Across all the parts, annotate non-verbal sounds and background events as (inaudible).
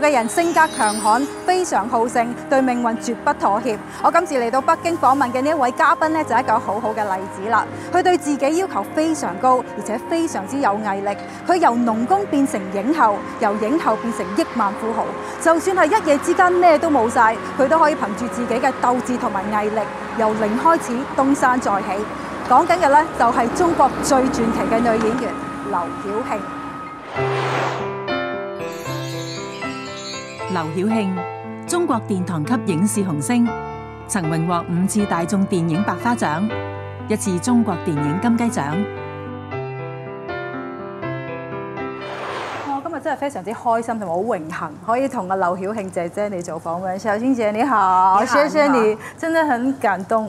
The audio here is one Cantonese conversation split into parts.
嘅人性格強悍，非常好勝，對命運絕不妥協。我今次嚟到北京訪問嘅呢一位嘉賓呢，就係一個好好嘅例子啦。佢對自己要求非常高，而且非常之有毅力。佢由農工變成影后，由影后變成億萬富豪。就算係一夜之間咩都冇晒，佢都可以憑住自己嘅鬥志同埋毅力，由零開始東山再起。講緊嘅呢，就係中國最傳奇嘅女演員劉曉慶。劉曉慶，中國殿堂級影視紅星，曾榮獲五次大眾電影百花獎，一次中國電影金雞獎。我今日真係非常之開心同埋好榮幸，可以同阿劉曉慶姐姐嚟做訪問。小欣姐你好，謝謝、啊、你，真的很感動。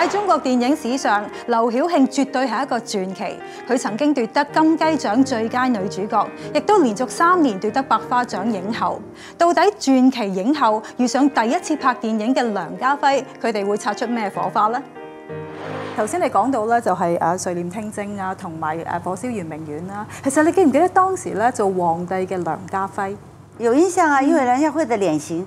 喺中國電影史上，劉曉慶絕對係一個傳奇。佢曾經奪得金雞獎最佳女主角，亦都連續三年奪得百花獎影后。到底傳奇影后遇上第一次拍電影嘅梁家輝，佢哋會擦出咩火花呢？頭先你講到咧、就是，就係誒《垂簾聽政》啊，同埋誒《火燒圓明園》啦。其實你記唔記得當時咧做皇帝嘅梁家輝？有印象啊，因為梁家輝嘅臉型。嗯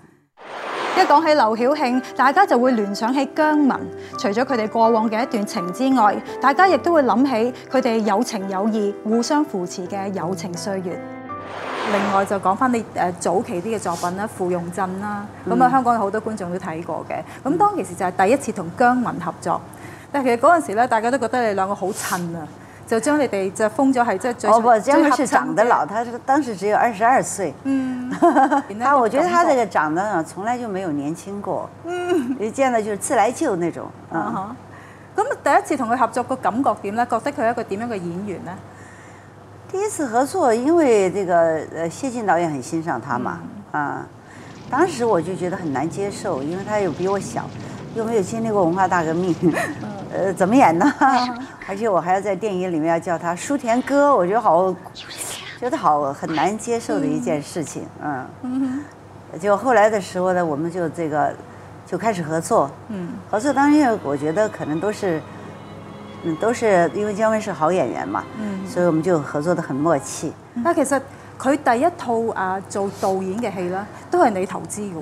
一講起劉曉慶，大家就會聯想起姜文。除咗佢哋過往嘅一段情之外，大家亦都會諗起佢哋有情有義、互相扶持嘅友情歲月。另外就講翻你誒早期啲嘅作品啦，《芙蓉鎮》啦，咁啊香港有好多觀眾都睇過嘅。咁當其時就係第一次同姜文合作，但其實嗰陣時咧，大家都覺得你兩個好襯啊。就將你哋就封咗係即係最、oh, 最，最合襯。哦不，張是長得老，他當時只有二十二歲。嗯，他 (laughs) 我覺得他這個長得從來就沒有年輕過。嗯，你見到就是自來救那種。啊、uh、哈 -huh. 嗯，咁第一次同佢合作，嗰個感覺點呢？覺得佢係一個點樣嘅演員呢？第一次合作，因為這個誒謝晉導演很欣賞他嘛，嗯、啊、嗯，當時我就覺得很難接受，嗯、因為他又比我小。嗯又沒有經歷過文化大革命，呃，怎麼演呢？ (laughs) 而且我還要在電影裏面要叫他舒田哥，我覺得好，覺得好很難接受的一件事情，嗯，嗯，就後來的時候呢，我們就這個就開始合作，嗯，合作當然因為我覺得可能都是，嗯，都是因為姜文是好演員嘛，嗯，所以我們就合作的很默契。那、嗯、其實佢第一套啊做導演嘅戲呢，都係你投資嘅喎。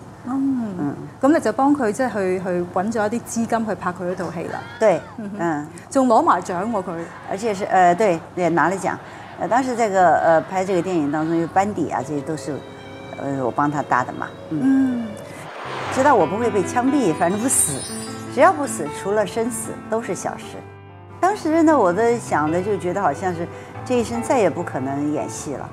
嗯，咁、嗯、你就幫佢即係去、嗯、去揾咗一啲資金去拍佢一套戲啦。對，嗯，仲攞埋獎喎、啊、佢。而且是誒、呃、對，也拿了獎。誒當時這個誒、呃、拍這個電影當中，有班底啊，這些都是誒、呃、我幫他搭的嘛。嗯，知、嗯、道我不會被槍斃，反正不死，只要不死，除了生死都是小事、嗯。當時呢，我都想的就覺得好像是，這一生再也不可能演戲了。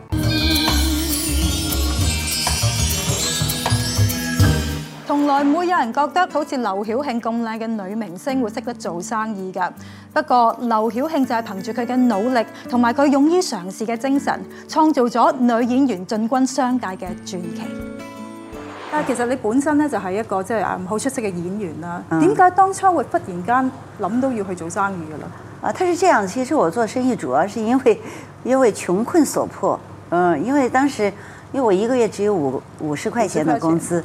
從來唔會有人覺得好似劉曉慶咁靚嘅女明星會識得做生意㗎。不過劉曉慶就係憑住佢嘅努力同埋佢勇於嘗試嘅精神，創造咗女演員進軍商界嘅傳奇。但其實你本身呢，就係一個即係唔好出色嘅演員啦。點、嗯、解當初會忽然間諗到要去做生意㗎啦？啊、嗯，他是這樣，其實我做生意主要是因為因為窮困所迫。嗯，因為當時因為我一個月只有五五十塊錢的工資。謝謝。.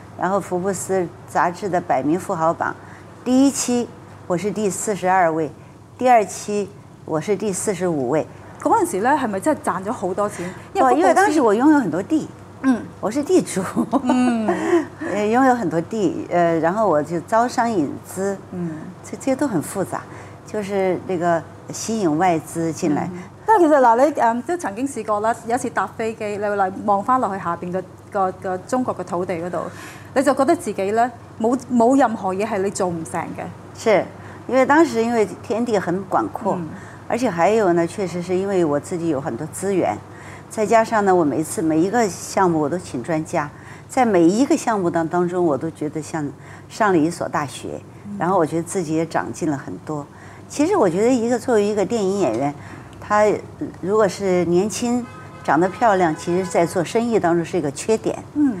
然後福布斯雜誌的百名富豪榜，第一期我是第四十二位，第二期我是第四十五位。嗰陣時呢，係咪真係賺咗好多錢？因為因為當時我擁有很多地，嗯，我是地主，嗯，擁 (laughs) 有很多地，呃，然後我就招商引資，嗯，這這些都很複雜，就是那個吸引外資進來。其實嗱，你，都、嗯、曾經試過啦，有一次搭飛機，你會來望翻落去下邊嘅個中國的土地嗰度。你就覺得自己呢，冇冇任何嘢係你做唔成嘅。是，因為當時因為天地很廣闊，嗯，而且還有呢，確實是因為我自己有很多資源，再加上呢，我每次每一個項目我都請專家，在每一個項目當當中我都覺得像上了一所大學，嗯，然後我覺得自己也長進了很多。其實我覺得一個作為一個電影演員，他如果是年輕，長得漂亮，其實在做生意當中是一個缺點。嗯。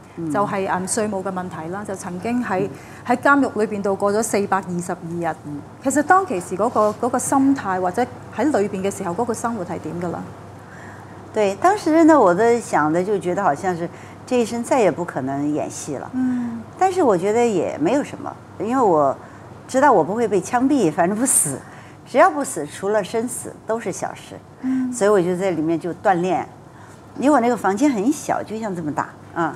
就係、是、誒稅務嘅問題啦，就曾經喺喺監獄裏邊度過咗四百二十二日。其實當其時嗰、那個那個心態，或者喺裏面嘅時候嗰、那個生活係點㗎啦？對，當時呢，我都想的就覺得好像是這一生再也不可能演戲了、嗯。但是我覺得也沒有什麼，因為我知道我不會被槍斃，反正不死，只要不死，除了生死都是小事、嗯。所以我就在裏面就鍛鍊，因為我那個房間很小，就像這麼大啊。嗯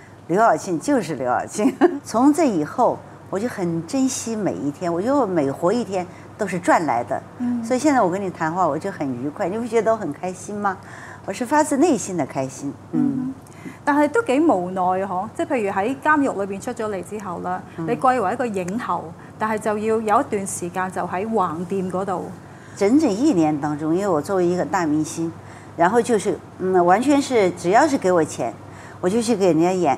劉曉慶就是劉曉慶。 (laughs) 從這以後，我就很珍惜每一天。我覺得我每活一天都是賺來的。嗯，所以現在我跟你談話，我就很愉快。你不覺得我很開心嗎？我是發自內心的開心。嗯，嗯，但是都幾無奈嗬，即係譬如喺監獄裏邊出咗嚟之後啦，嗯，你貴為一個影后，但係就要有一段時間就喺橫店嗰度。整整一年當中，因為我作為一個大明星，然後就是嗯，完全是只要是給我錢，我就去給人家演。